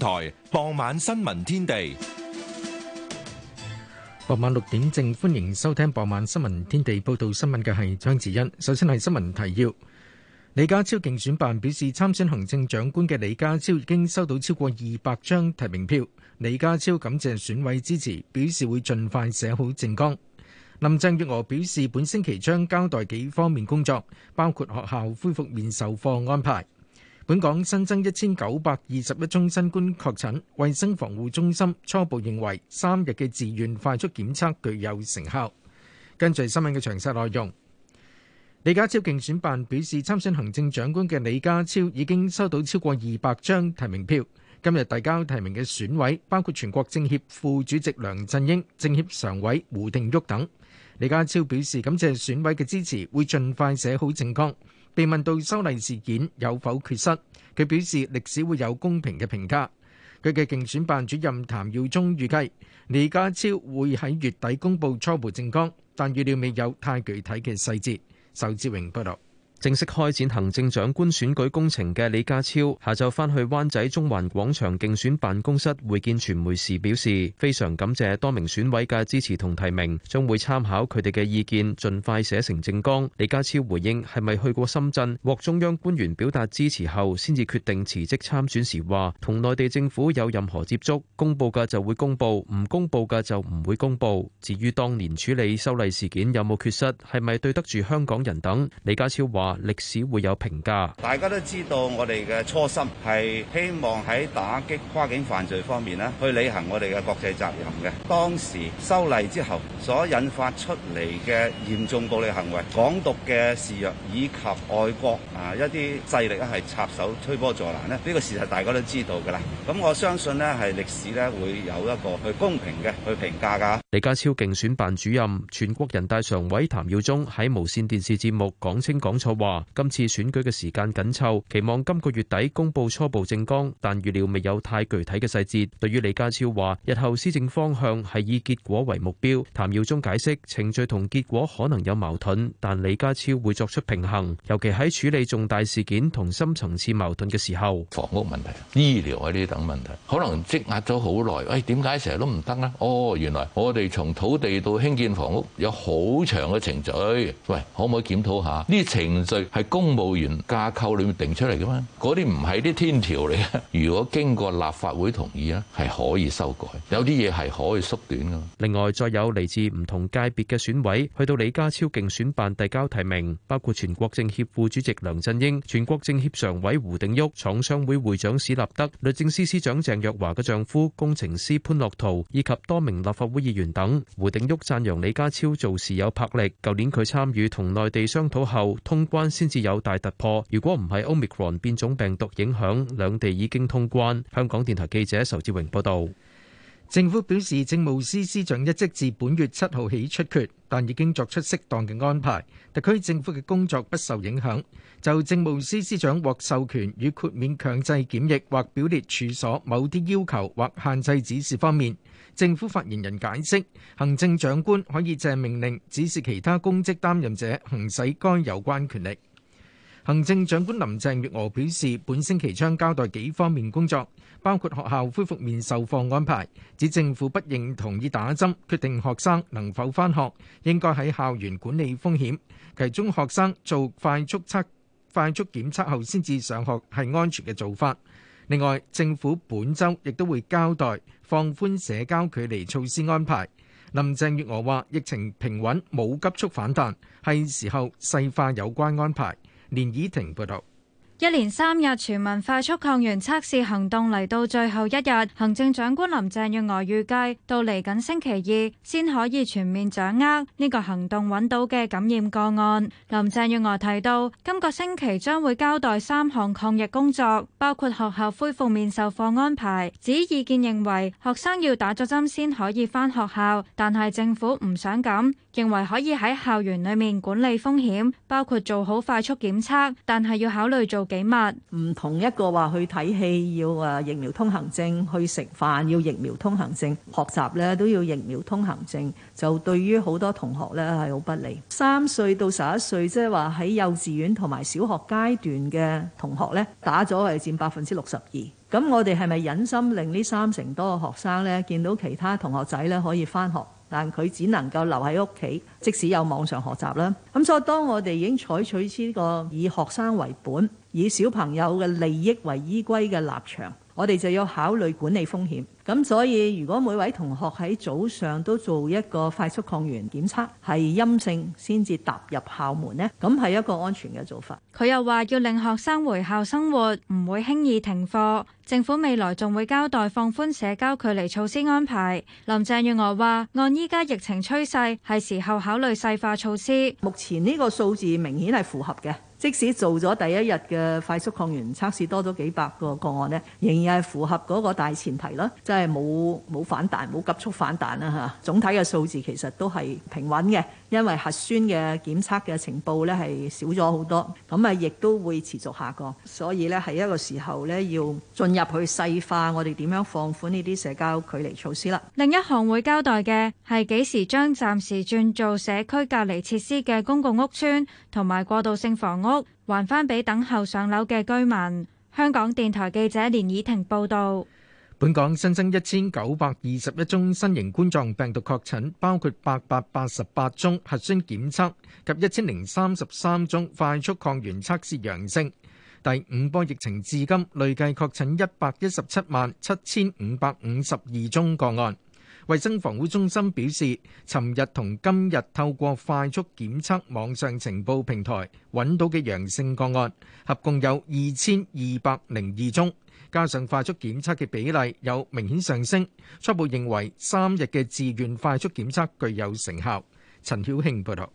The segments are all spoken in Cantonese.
台傍晚新聞天地，傍晚六點正，歡迎收聽傍晚新聞天地。報道新聞嘅係張智欣。首先係新聞提要：李家超競選辦表示，參選行政長官嘅李家超已經收到超過二百張提名票。李家超感謝選委支持，表示會盡快寫好政綱。林鄭月娥表示，本星期將交代幾方面工作，包括學校恢復面授課安排。本港新增一千九百二十一宗新冠確診，衛生防護中心初步認為三日嘅自願快速檢測具有成效。跟住新聞嘅詳細內容，李家超競選辦表示，參選行政長官嘅李家超已經收到超過二百張提名票，今日遞交提名嘅選委包括全國政協副主席梁振英、政協常委胡定旭等。李家超表示感謝選委嘅支持，會盡快寫好政綱。被問到修例事件有否缺失，佢表示歷史會有公平嘅評價。佢嘅競選辦主任譚耀宗預計李家超會喺月底公布初步政綱，但預料未有太具體嘅細節。仇志榮報道。正式開展行政長官選舉工程嘅李家超，下晝返去灣仔中環廣場競選辦公室會見傳媒時表示，非常感謝多名選委嘅支持同提名，將會參考佢哋嘅意見，盡快寫成政綱。李家超回應係咪去過深圳獲中央官員表達支持後，先至決定辭職參選時話，同內地政府有任何接觸，公布嘅就會公布，唔公布嘅就唔會公布。至於當年處理修例事件有冇缺失，係咪對得住香港人等，李家超話。歷史會有評價。大家都知道，我哋嘅初心係希望喺打擊跨境犯罪方面咧，去履行我哋嘅國際責任嘅。當時修例之後所引發出嚟嘅嚴重暴力行為、港獨嘅示弱，以及外國啊一啲勢力啊係插手、推波助瀾咧，呢個事實大家都知道噶啦。咁我相信咧，係歷史咧會有一個去公平嘅去評價噶。李家超競選辦主任、全國人大常委譚耀宗喺無線電視節目講清講楚。話今次選舉嘅時間緊湊，期望今個月底公布初步政綱，但預料未有太具體嘅細節。對於李家超話，日後施政方向係以結果為目標。譚耀宗解釋，程序同結果可能有矛盾，但李家超會作出平衡，尤其喺處理重大事件同深層次矛盾嘅時候。房屋問題、醫療呢啲等問題，可能積壓咗好耐。喂，點解成日都唔得呢？哦，原來我哋從土地到興建房屋有好長嘅程序。喂，可唔可以檢討下呢啲程序？係公務員架構裏面定出嚟嘅嘛？嗰啲唔係啲天條嚟嘅。如果經過立法會同意啊，係可以修改。有啲嘢係可以縮短㗎。另外，再有嚟自唔同界別嘅選委去到李家超競選辦遞交提名，包括全國政協副主席梁振英、全國政協常委胡定旭、廠商會會長史立德、律政司司長鄭若驊嘅丈夫工程師潘樂圖，以及多名立法會議員等。胡定旭讚揚李家超做事有魄力。舊年佢參與同內地商討後通關。先至有大突破。如果唔係 Omicron 變種病毒影響，兩地已經通關。香港電台記者仇志榮報導。政府表示，政務司司長一職自本月七號起出缺，但已經作出適當嘅安排，特區政府嘅工作不受影響。就政務司司長獲授權與豁免強制檢疫或表列處所某啲要求或限制指示方面。政府發言人解釋，行政長官可以借命令指示其他公職擔任者行使該有關權力。行政長官林鄭月娥表示，本星期將交代幾方面工作，包括學校恢復面授課安排，指政府不認同意打針，決定學生能否返學，應該喺校園管理風險，其中學生做快速測、快速檢測後先至上學係安全嘅做法。另外，政府本週亦都會交代放寬社交距離措施安排。林鄭月娥話：疫情平穩，冇急速反彈，係時候細化有關安排。連倚婷報道。一連三日全民快速抗原測試行動嚟到最後一日，行政長官林鄭月娥預計到嚟緊星期二先可以全面掌握呢個行動揾到嘅感染個案。林鄭月娥提到，今個星期將會交代三項抗疫工作，包括學校恢復面授課安排。指意見認為學生要打咗針先可以返學校，但係政府唔想噉。認為可以喺校園裏面管理風險，包括做好快速檢測，但係要考慮做幾密。唔同一個話去睇戲要啊疫苗通行證，去食飯要疫苗通行證，學習咧，都要疫苗通行證，就對於好多同學咧，係好不利。三歲到十一歲即係話喺幼稚園同埋小學階段嘅同學咧，打咗係佔百分之六十二。咁我哋係咪忍心令呢三成多嘅學生咧，見到其他同學仔咧，可以返學？但佢只能夠留喺屋企，即使有網上學習啦。咁所以當我哋已經採取呢個以學生為本、以小朋友嘅利益為依歸嘅立場。我哋就要考慮管理風險，咁所以如果每位同學喺早上都做一個快速抗原檢測，係陰性先至踏入校門呢，咁係一個安全嘅做法。佢又話要令學生回校生活唔會輕易停課，政府未來仲會交代放寬社交距離措施安排。林鄭月娥話：按依家疫情趨勢，係時候考慮細化措施。目前呢個數字明顯係符合嘅。即使做咗第一日嘅快速抗原測試多咗幾百個個案咧，仍然係符合嗰個大前提啦，即係冇冇反彈冇急速反彈啦，吓。總體嘅數字其實都係平穩嘅，因為核酸嘅檢測嘅情報咧，係少咗好多，咁啊亦都會持續下降。所以咧，係一個時候咧，要進入去細化我哋點樣放寬呢啲社交距離措施啦。另一項會交代嘅係幾時將暫時轉做社區隔離設施嘅公共屋邨同埋過渡性房屋。還翻俾等候上樓嘅居民。香港電台記者連以婷報導，本港新增一千九百二十一宗新型冠狀病毒確診，包括八百八十八宗核酸檢測及一千零三十三宗快速抗原測試陽性。第五波疫情至今累計確診一百一十七萬七千五百五十二宗個案。衛生防護中心表示，尋日同今日透過快速檢測網上情報平台揾到嘅陽性個案，合共有二千二百零二宗，加上快速檢測嘅比例有明顯上升，初步認為三日嘅自願快速檢測具有成效。陳曉慶報道。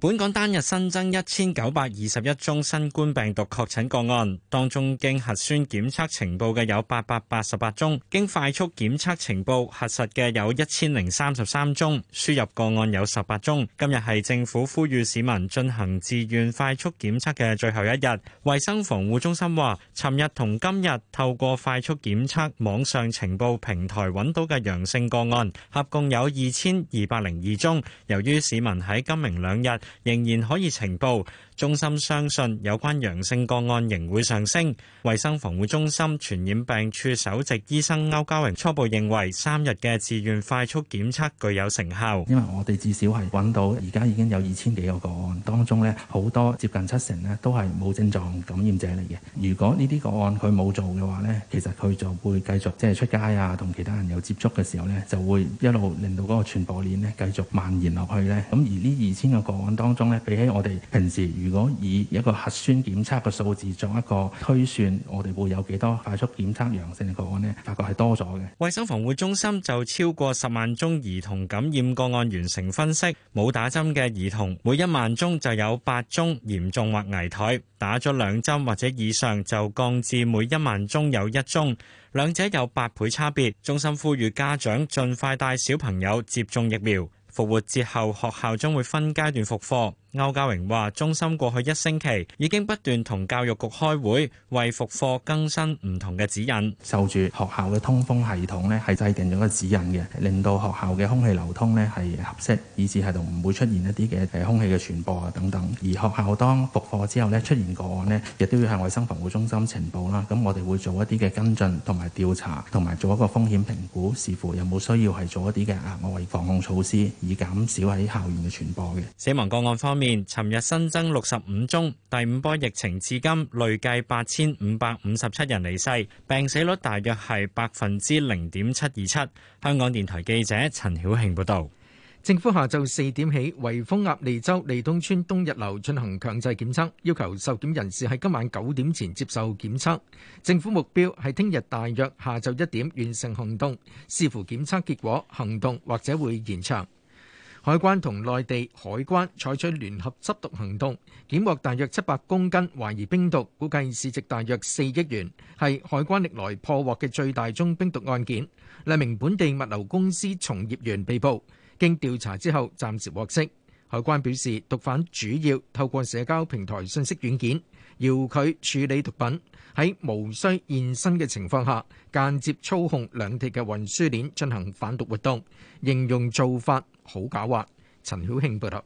本港單日新增一千九百二十一宗新冠病毒確診個案，當中經核酸檢測呈報嘅有八百八十八宗，經快速檢測呈報核實嘅有一千零三十三宗，輸入個案有十八宗。今日係政府呼籲市民進行自願快速檢測嘅最後一日。衞生防護中心話，尋日同今日透過快速檢測網上呈報平台揾到嘅陽性個案，合共有二千二百零二宗。由於市民喺今明兩日仍然可以呈報。中心相信有關陽性個案仍會上升。衛生防護中心傳染病處首席醫生歐嘉榮初步認為三日嘅自願快速檢測具有成效，因為我哋至少係揾到而家已經有二千幾個個案，當中咧好多接近七成咧都係冇症狀感染者嚟嘅。如果呢啲個案佢冇做嘅話咧，其實，佢就會繼續即係、就是、出街啊，同其他人有接觸嘅時候咧，就會一路令到嗰個傳播鏈咧繼續蔓延落去咧。咁而呢二千個個案當中咧，比起我哋平時。如果以一個核酸檢測嘅數字作一個推算，我哋會有幾多快速檢測陽性嘅個案呢？發覺係多咗嘅。衛生防護中心就超過十萬宗兒童感染個案完成分析，冇打針嘅兒童每一萬宗就有八宗嚴重或危殆，打咗兩針或者以上就降至每一萬宗有一宗，兩者有八倍差別，中心呼籲家長盡快帶小朋友接種疫苗。復活節後學校將會分階段復課。歐家榮話：中心過去一星期已經不斷同教育局開會，為復課更新唔同嘅指引。受住學校嘅通風系統咧，係制定咗個指引嘅，令到學校嘅空氣流通咧係合適，以至係度唔會出現一啲嘅誒空氣嘅傳播啊等等。而學校當復課之後咧，出現個案咧，亦都要向衛生防護中心情報啦。咁我哋會做一啲嘅跟進同埋調查，同埋做一個風險評估，視乎有冇需要係做一啲嘅額外防控措施，以減少喺校園嘅傳播嘅。死亡個案方面。面，尋日新增六十五宗，第五波疫情至今累計八千五百五十七人離世，病死率大約係百分之零點七二七。香港電台記者陳曉慶報導。政府下晝四點起，圍封鴨脷洲利東村東日樓進行強制檢測，要求受檢人士喺今晚九點前接受檢測。政府目標係聽日大約下晝一點完成行動，視乎檢測結果，行動或者會延長。海關同內地海關採取聯合緝毒行動，檢獲大約七百公斤懷疑冰毒，估計市值大約四億元，係海關歷來破獲嘅最大宗冰毒案件。兩名本地物流公司從業員被捕，經調查之後暫時獲釋。海關表示，毒販主要透過社交平台、信息軟件，要佢處理毒品，喺無需現身嘅情況下間接操控兩地嘅運輸鏈進行販毒活動，應用做法。好狡猾。陳曉慶報道，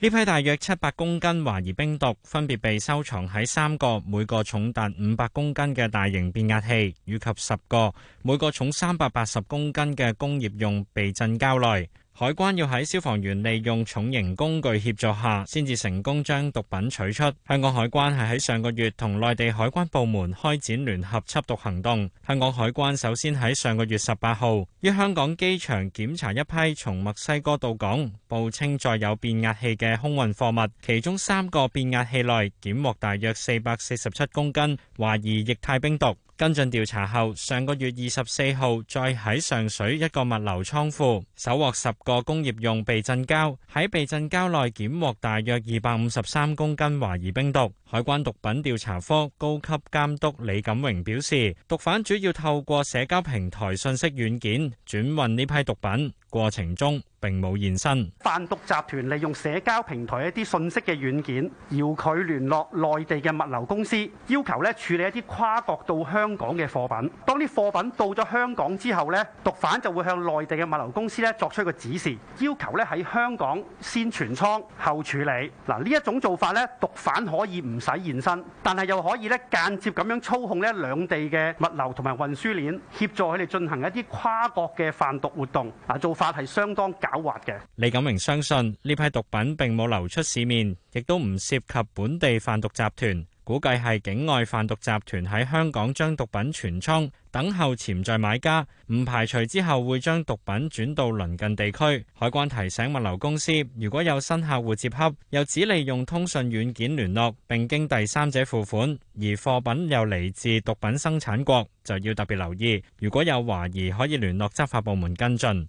呢批大約七百公斤懷疑冰毒分別被收藏喺三個每個重達五百公斤嘅大型變壓器，以及十個每個重三百八十公斤嘅工業用避震膠內。海關要喺消防員利用重型工具協助下，先至成功將毒品取出。香港海關係喺上個月同內地海關部門開展聯合緝毒行動。香港海關首先喺上個月十八號於香港機場檢查一批從墨西哥到港、報稱載有變壓器嘅空運貨物，其中三個變壓器內檢獲大約四百四十七公斤懷疑液態冰毒。跟進調查後，上個月二十四號，再喺上水一個物流倉庫，搜獲十個工業用避震膠，喺避震膠內檢獲大約二百五十三公斤懷疑冰毒。海關毒品調查科高級監督李錦榮表示，毒販主要透過社交平台信息軟件轉運呢批毒品過程中並冇現身。販毒集團利用社交平台一啲信息嘅軟件，要佢聯絡內地嘅物流公司，要求咧處理一啲跨國到香港嘅貨品。當啲貨品到咗香港之後咧，毒販就會向內地嘅物流公司咧作出一個指示，要求咧喺香港先存倉後處理。嗱，呢一種做法咧，毒販可以唔使現身，但係又可以咧間接咁樣操控咧兩地嘅物流同埋運輸鏈，協助佢哋進行一啲跨國嘅販毒活動。嗱，做法係相當狡。嘅李錦榮相信呢批毒品並冇流出市面，亦都唔涉及本地販毒集團，估計係境外販毒集團喺香港將毒品存倉，等候潛在買家。唔排除之後會將毒品轉到鄰近地區。海關提醒物流公司，如果有新客戶接洽，又只利用通訊軟件聯絡並經第三者付款，而貨品又嚟自毒品生產國，就要特別留意。如果有懷疑，可以聯絡執法部門跟進。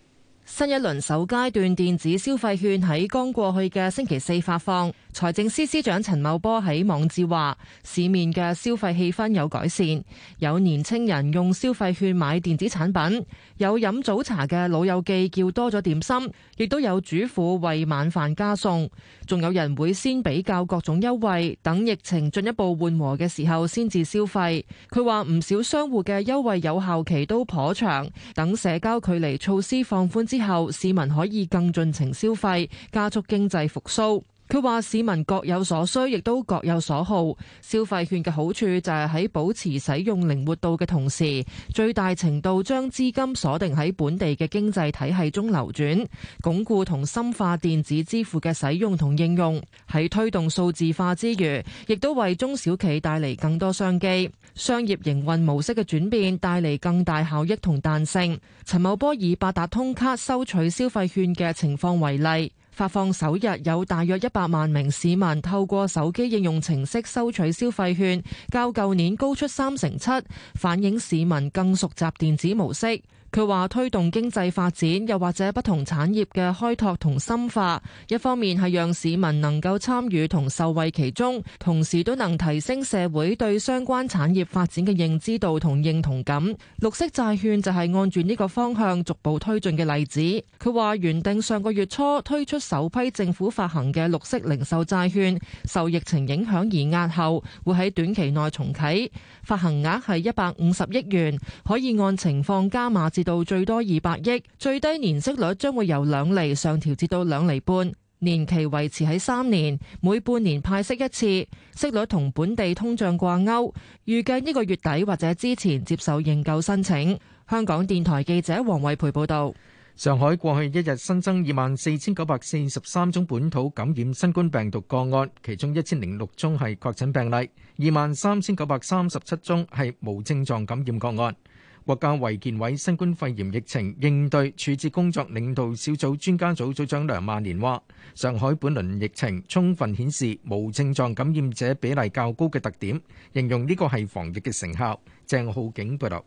新一輪首階段電子消費券喺剛過去嘅星期四發放，財政司司長陳茂波喺網誌話市面嘅消費氣氛有改善，有年青人用消費券買電子產品，有飲早茶嘅老友記叫多咗點心，亦都有主婦為晚飯加餸，仲有人會先比較各種優惠，等疫情進一步緩和嘅時候先至消費，佢話唔少商戶嘅優惠有效期都頗長，等社交距離措施放寬之後市民可以更盡情消費，加速經濟復蘇。佢話：市民各有所需，亦都各有所好。消費券嘅好處就係喺保持使用靈活度嘅同時，最大程度將資金鎖定喺本地嘅經濟體系中流轉，鞏固同深化電子支付嘅使用同應用。喺推動數字化之餘，亦都為中小企帶嚟更多商機。商業營運模式嘅轉變帶嚟更大效益同彈性。陳茂波以八達通卡收取消費券嘅情況為例。發放首日有大約一百萬名市民透過手機應用程式收取消費券，較舊年高出三成七，反映市民更熟習電子模式。佢話推動經濟發展，又或者不同產業嘅開拓同深化，一方面係讓市民能夠參與同受惠其中，同時都能提升社會對相關產業發展嘅認知度同認同感。綠色債券就係按住呢個方向逐步推進嘅例子。佢話原定上個月初推出首批政府發行嘅綠色零售債券，受疫情影響而押後，會喺短期內重啟，發行額係一百五十億元，可以按情況加碼至到最多二百億，最低年息率將會由兩厘上調至到兩厘半，年期維持喺三年，每半年派息一次，息率同本地通脹掛鈎。預計呢個月底或者之前接受認購申請。香港電台記者黃惠培報道。上海過去一日新增二萬四千九百四十三宗本土感染新冠病毒個案，其中一千零六宗係確診病例，二萬三千九百三十七宗係無症狀感染個案。國家衛健委新冠肺炎疫情應對處置工作領導小組專家組組長梁萬年話，上海本輪疫情充分顯示無症狀感染者比例較高嘅特點，形容呢個係防疫嘅成效。鄭浩景報道。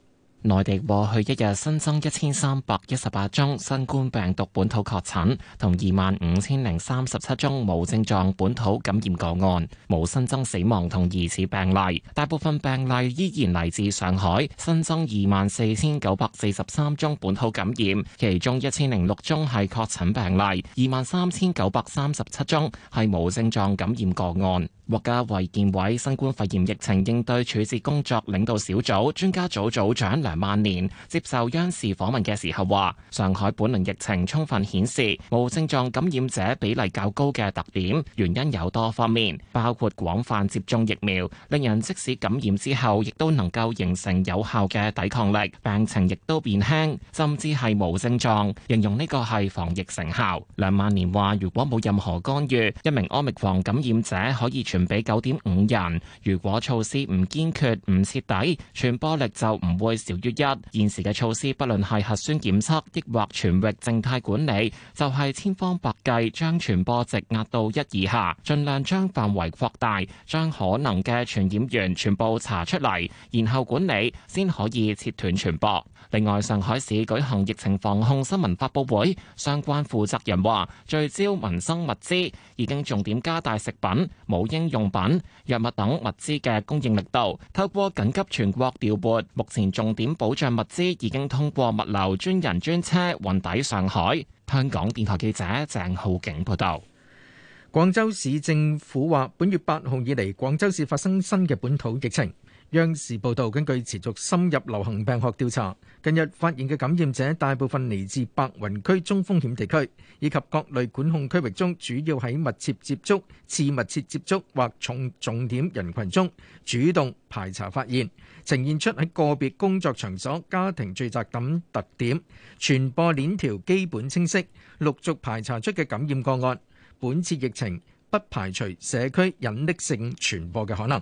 內地過去一日新增一千三百一十八宗新冠病毒本土確診，同二萬五千零三十七宗無症狀本土感染個案，無新增死亡同疑似病例。大部分病例依然嚟自上海，新增二萬四千九百四十三宗本土感染，其中一千零六宗係確診病例，二萬三千九百三十七宗係無症狀感染個案。國家衛健委新冠肺炎疫情應對處置工作領導小組專家組組長梁萬年接受央視訪問嘅時候話：上海本輪疫情充分顯示無症狀感染者比例較高嘅特點，原因有多方面，包括廣泛接種疫苗，令人即使感染之後，亦都能夠形成有效嘅抵抗力，病情亦都變輕，甚至係無症狀，形容呢個係防疫成效。梁萬年話：如果冇任何干預，一名奧密克戎感染者可以傳俾九點五人，如果措施唔堅決唔徹底，傳播力就唔會少於一。現時嘅措施，不論係核酸檢測抑或全域靜態管理，就係千方百計將傳播值壓到一以下，盡量將範圍擴大，將可能嘅傳染源全部查出嚟，然後管理，先可以切斷傳播。另外，上海市舉行疫情防控新聞發佈會，相關負責人話，聚焦民生物資已經重點加大食品、母嬰用品、藥物等物資嘅供應力度，透過緊急全國調撥，目前重點保障物資已經通過物流專人專車運抵上海。香港電台記者鄭浩景報道。廣州市政府話本月八號以嚟，廣州市發生新嘅本土疫情。央視報道，根據持續深入流行病學調查，近日發現嘅感染者大部分嚟自白雲區中風險地區以及各類管控區域中，主要喺密切接觸、次密切接觸或重重點人群中主動排查發現，呈現出喺個別工作場所、家庭聚集等特點，傳播鏈條基本清晰。陸續排查出嘅感染個案，本次疫情不排除社區隱匿性傳播嘅可能。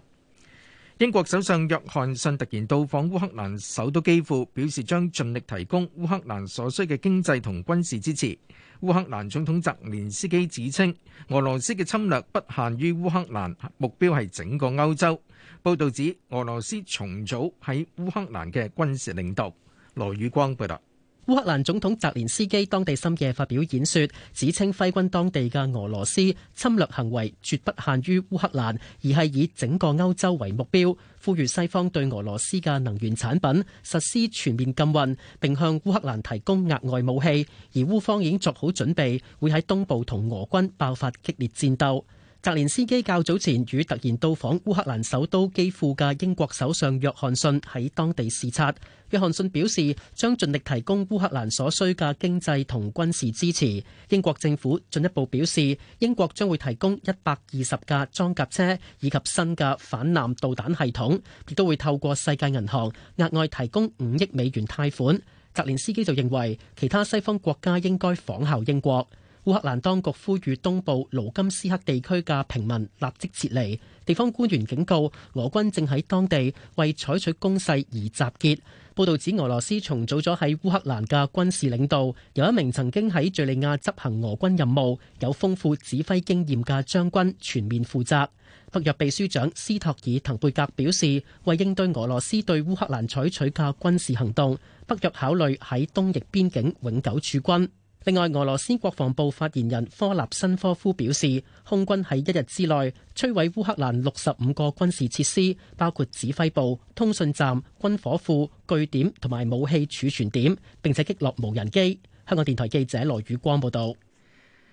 英國首相約翰遜突然到訪烏克蘭首都基輔，表示將盡力提供烏克蘭所需嘅經濟同軍事支持。烏克蘭總統澤連斯基指稱，俄羅斯嘅侵略不限於烏克蘭，目標係整個歐洲。報道指，俄羅斯重組喺烏克蘭嘅軍事領導。羅宇光報道。烏克蘭總統澤連斯基當地深夜發表演說，指稱揮軍當地嘅俄羅斯侵略行為絕不限於烏克蘭，而係以整個歐洲為目標，呼籲西方對俄羅斯嘅能源產品實施全面禁運，並向烏克蘭提供額外武器，而烏方已經做好準備，會喺東部同俄軍爆發激烈戰鬥。澤連斯基較早前與突然到訪烏克蘭首都基輔嘅英國首相約翰遜喺當地視察。約翰遜表示，將盡力提供烏克蘭所需嘅經濟同軍事支持。英國政府進一步表示，英國將會提供一百二十架裝甲車以及新嘅反艦導彈系統，亦都會透過世界銀行額外提供五億美元貸款。澤連斯基就認為，其他西方國家應該仿效英國。烏克蘭當局呼籲東部盧甘斯克地區嘅平民立即撤離。地方官員警告，俄軍正喺當地為採取攻勢而集結。報道指，俄羅斯重組咗喺烏克蘭嘅軍事領導，由一名曾經喺敘利亞執行俄軍任務、有豐富指揮經驗嘅將軍全面負責。北約秘書長斯托爾滕貝格表示，為應對俄羅斯對烏克蘭採取嘅軍事行動，北約考慮喺東翼邊境永久駐軍。另外，俄羅斯國防部發言人科納申科夫表示，空軍喺一日之內摧毀烏克蘭六十五個軍事設施，包括指揮部、通訊站、軍火庫、據點同埋武器儲存點，並且擊落無人機。香港電台記者羅宇光報道。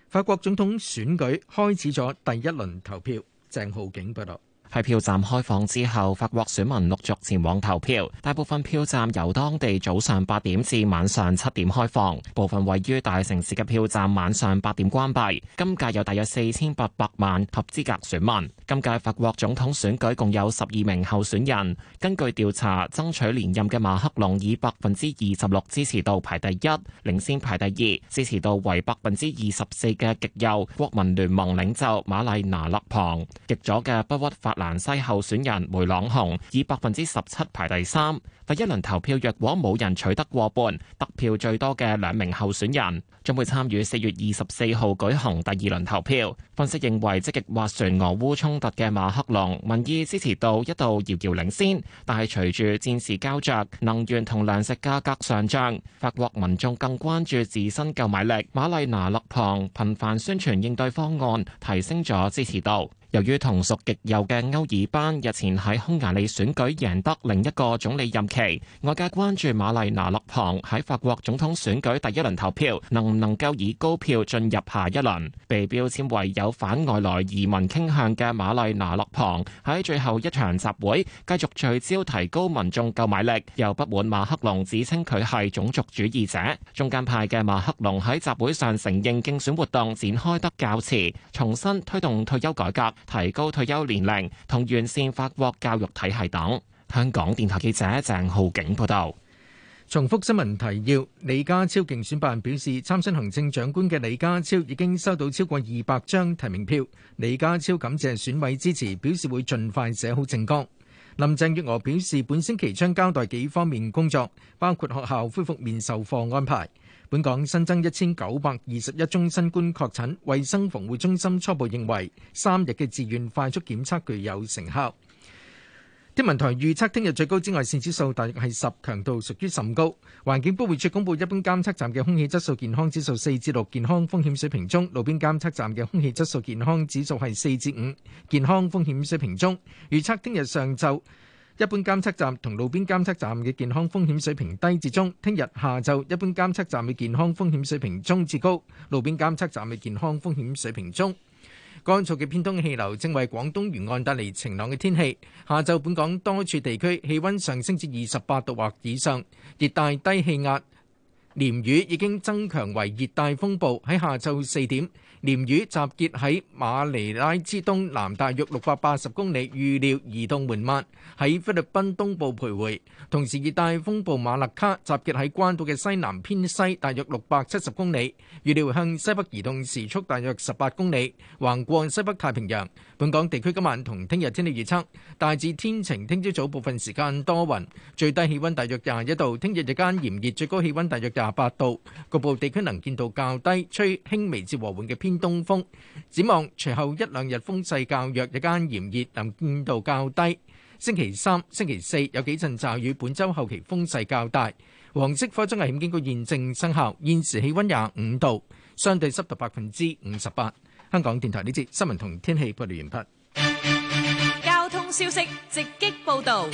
法國總統選舉開始咗第一輪投票，鄭浩景報道。喺票站開放之後，法國選民陸續前往投票。大部分票站由當地早上八點至晚上七點開放，部分位於大城市嘅票站晚上八點關閉。今屆有大約四千八百萬合資格選民。今屆法國總統選舉共有十二名候選人。根據調查，爭取連任嘅馬克龍以百分之二十六支持度排第一，領先排第二支持度為百分之二十四嘅極右國民聯盟領袖馬麗娜勒龐。極左嘅不屈法蘭西候選人梅朗雄以百分之十七排第三。第一輪投票若果冇人取得過半，得票最多嘅兩名候選人將會參與四月二十四號舉行第二輪投票。分析認為，積極斡旋俄烏衝突嘅馬克龍民意支持度一度遙遙領先，但係隨住戰事膠着、能源同糧食價格上漲，法國民眾更關注自身購買力。瑪麗娜勒龐頻繁宣傳應對方案，提升咗支持度。由於同屬極右嘅歐爾班日前喺匈牙利選舉贏得另一個總理任期，外界關注馬麗拿洛旁喺法國總統選舉第一輪投票能唔能夠以高票進入下一輪。被標籤為有反外來移民傾向嘅馬麗拿洛旁喺最後一場集會繼續聚焦提高民眾購買力，又不滿馬克龍指稱佢係種族主義者。中間派嘅馬克龍喺集會上承認競選活動展開得較遲，重新推動退休改革。提高退休年齡同完善法國教育體系等。香港電台記者鄭浩景報道。重複新聞提要：李家超競選辦表示，參選行政長官嘅李家超已經收到超過二百張提名票。李家超感謝選委支持，表示會盡快寫好政綱。林鄭月娥表示，本星期將交代幾方面工作，包括學校恢復面授課安排。本港新增一千九百二十一宗新冠確診，衛生防護中心初步認為三日嘅自願快速檢測具有成效。天文台預測聽日最高紫外線指數大約係十，強度屬於甚高。環境保護署公布一般監測站嘅空氣質素健康指數四至六，6, 健康風險水平中；路邊監測站嘅空氣質素健康指數係四至五，5, 健康風險水平中。預測聽日上晝。一般監測站同路邊監測站嘅健康風險水平低至中，聽日下晝一般監測站嘅健康風險水平中至高，路邊監測站嘅健康風險水平中。乾燥嘅偏東嘅氣流正為廣東沿岸帶嚟晴朗嘅天氣，下晝本港多處地區氣温上升至二十八度或以上。熱帶低氣壓連雨已經增強為熱帶風暴，喺下晝四點，鮎魚集結喺馬尼拉之東南，大約六百八十公里，預料移動緩慢，喺菲律賓東部徘徊。同時熱帶風暴馬勒卡集結喺關島嘅西南偏西，大約六百七十公里，預料向西北移動，時速大約十八公里，橫過西北太平洋。本港地區今晚同聽日天氣預測大致天晴，聽朝早部分時間多雲，最低氣温大約廿一度，聽日日間炎熱，最高氣温大約廿八度。局部地區能見度較低，吹輕微至和緩嘅偏偏東風，展望隨後一兩日風勢較弱，日間炎熱，能見度較低。星期三、星期四有幾陣驟雨，本週後期風勢較大。黃色火災危險警告現正生效。現時氣温廿五度，相對濕度百分之五十八。香港電台呢節新聞同天氣報道完畢。交通消息直擊報道。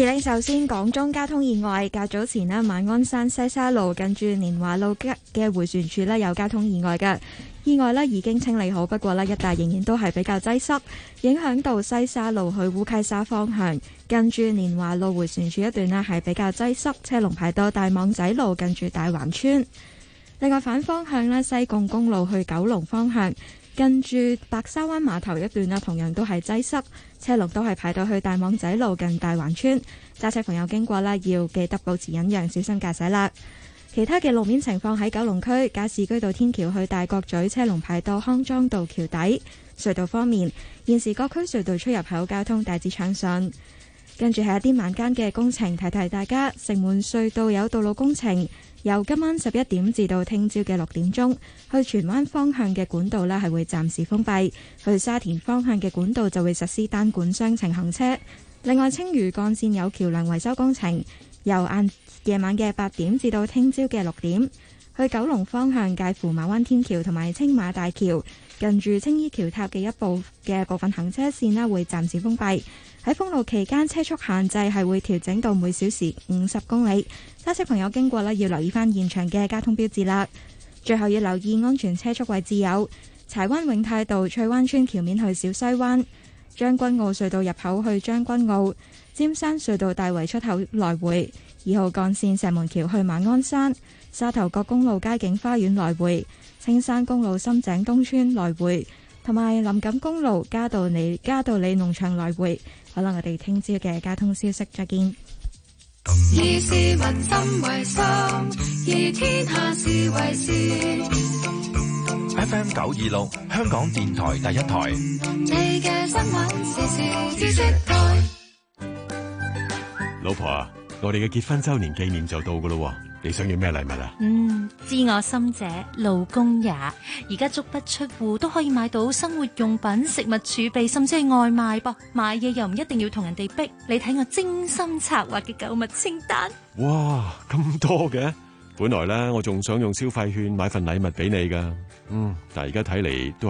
二零首先，港中交通意外，較早前咧，馬鞍山西沙路近住年華路嘅回旋處咧有交通意外嘅意外咧已經清理好，不過咧一帶仍然都係比較擠塞，影響到西沙路去烏溪沙方向近住年華路回旋處一段咧係比較擠塞，車龍排到大網仔路近住大環村。另外反方向咧，西貢公路去九龍方向。跟住白沙灣碼頭一段啊，同樣都係擠塞，車龍都係排到去大網仔路近大環村。揸車朋友經過啦，要記得保持忍讓，小心駕駛啦。其他嘅路面情況喺九龍區，加士居道天橋去大角咀，車龍排到康莊道橋底。隧道方面，現時各區隧道出入口交通大致暢順。跟住係一啲晚間嘅工程，提提大家，城門隧道有道路工程。由今晚十一點至到聽朝嘅六點鐘，去荃灣方向嘅管道呢係會暫時封閉；去沙田方向嘅管道就會實施單管雙程行車。另外，青嶼幹線有橋樑維修工程，由晏夜晚嘅八點至到聽朝嘅六點，去九龍方向介乎馬灣天橋同埋青馬大橋近住青衣橋塔嘅一部嘅部分行車線呢會暫時封閉。喺封路期間，車速限制係會調整到每小時五十公里。揸車朋友經過咧，要留意翻現場嘅交通標誌啦。最後要留意安全車速位置有柴灣永泰道翠灣村橋面去小西灣、將軍澳隧道入口去將軍澳、尖山隧道大圍出口來回、二號幹線石門橋去馬鞍山、沙頭角公路街景花園來回、青山公路深井東村來回，同埋林錦公路嘉道理嘉道理農場來回。好啦我哋聽朝嘅交通消息再見。以市民心為心，以天下事為事。FM 九二六，香港電台第一台。你嘅新聞事事知識台。老婆啊，我哋嘅結婚周年紀念就到噶咯。你想要咩禮物啊？嗯，知我心者，老公也。而家足不出戶都可以買到生活用品、食物儲備，甚至係外賣噃。買嘢又唔一定要同人哋逼，你睇我精心策劃嘅購物清單。哇，咁多嘅！本來咧，我仲想用消費券買份禮物俾你噶。嗯，但係而家睇嚟都。